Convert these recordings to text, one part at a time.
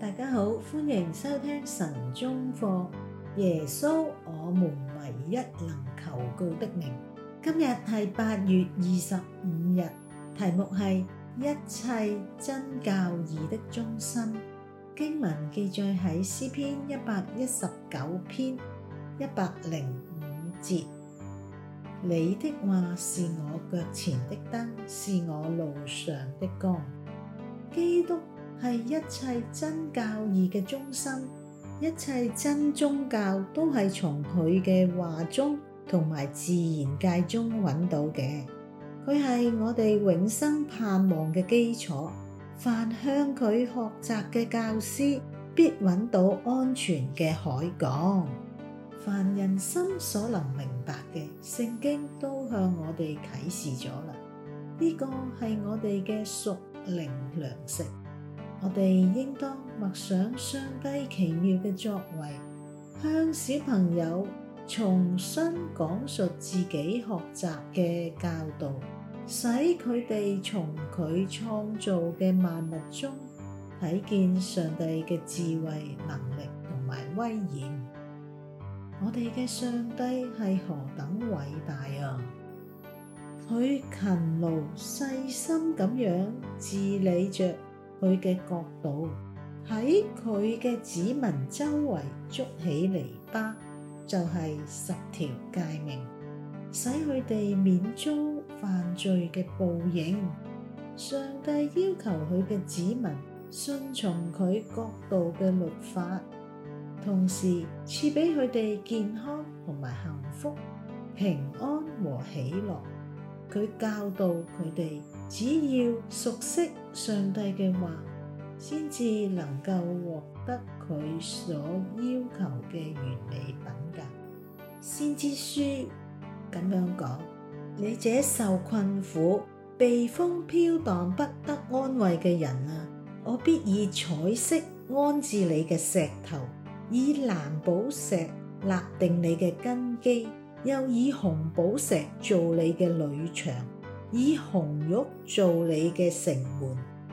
大家好，歡迎收聽神中課。耶穌，我們唯一能求告的名。今日係八月二十五日，題目係一切真教義的中心。經文記載喺詩篇一百一十九篇一百零五節。你的話是我腳前的燈，是我路上的光。基督，係一切真教義嘅中心，一切真宗教都係從佢嘅話中同埋自然界中揾到嘅。佢係我哋永生盼望嘅基礎，凡向佢學習嘅教師，必揾到安全嘅海港。凡人心所能明白嘅聖經，都向我哋啟示咗啦。呢個係我哋嘅屬靈糧食。我哋應當默想上帝奇妙嘅作為，向小朋友重新講述自己學習嘅教導，使佢哋從佢創造嘅萬物中睇見上帝嘅智慧、能力同埋威嚴。我哋嘅上帝係何等偉大啊！佢勤勞細心咁樣治理着。佢嘅國度喺佢嘅子民周圍築起籬笆，就係、是、十條誡命，使佢哋免遭犯罪嘅報應。上帝要求佢嘅子民順從佢國度嘅律法，同時賜俾佢哋健康同埋幸福、平安和喜樂。佢教導佢哋，只要熟悉，上帝嘅話，先至能夠獲得佢所要求嘅完美品格。先知書咁樣講：「你這受困苦、被風飄蕩、不得安慰嘅人啊，我必以彩色安置你嘅石頭，以藍寶石立定你嘅根基，又以紅寶石做你嘅女牆，以紅玉做你嘅城門。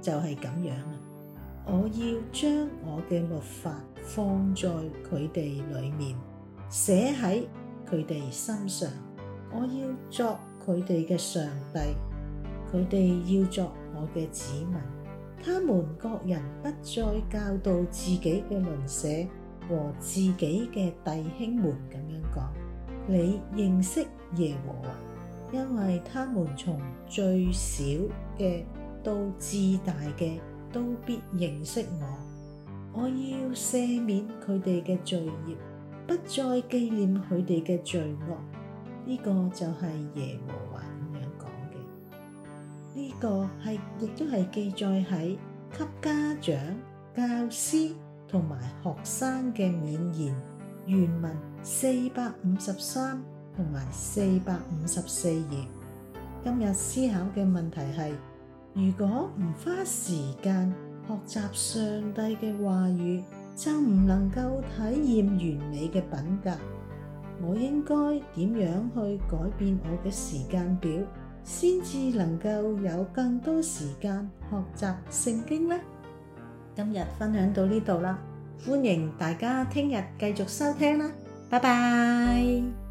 就係咁樣啊！我要將我嘅律法放在佢哋裡面，寫喺佢哋身上。我要作佢哋嘅上帝，佢哋要作我嘅子民。他們各人不再教導自己嘅鄰舍和自己嘅弟兄們咁樣講。你認識耶和華，因為他們從最小嘅到至大嘅都必認識我，我要赦免佢哋嘅罪孽，不再紀念佢哋嘅罪惡。呢個就係耶和華咁樣講嘅。呢個係亦都係記載喺給家長、教師同埋學生嘅勉言原文四百五十三同埋四百五十四頁。今日思考嘅問題係。如果唔花時間學習上帝嘅話語，就唔能夠體驗完美嘅品格。我應該點樣去改變我嘅時間表，先至能夠有更多時間學習聖經呢？今日分享到呢度啦，歡迎大家聽日繼續收聽啦，拜拜。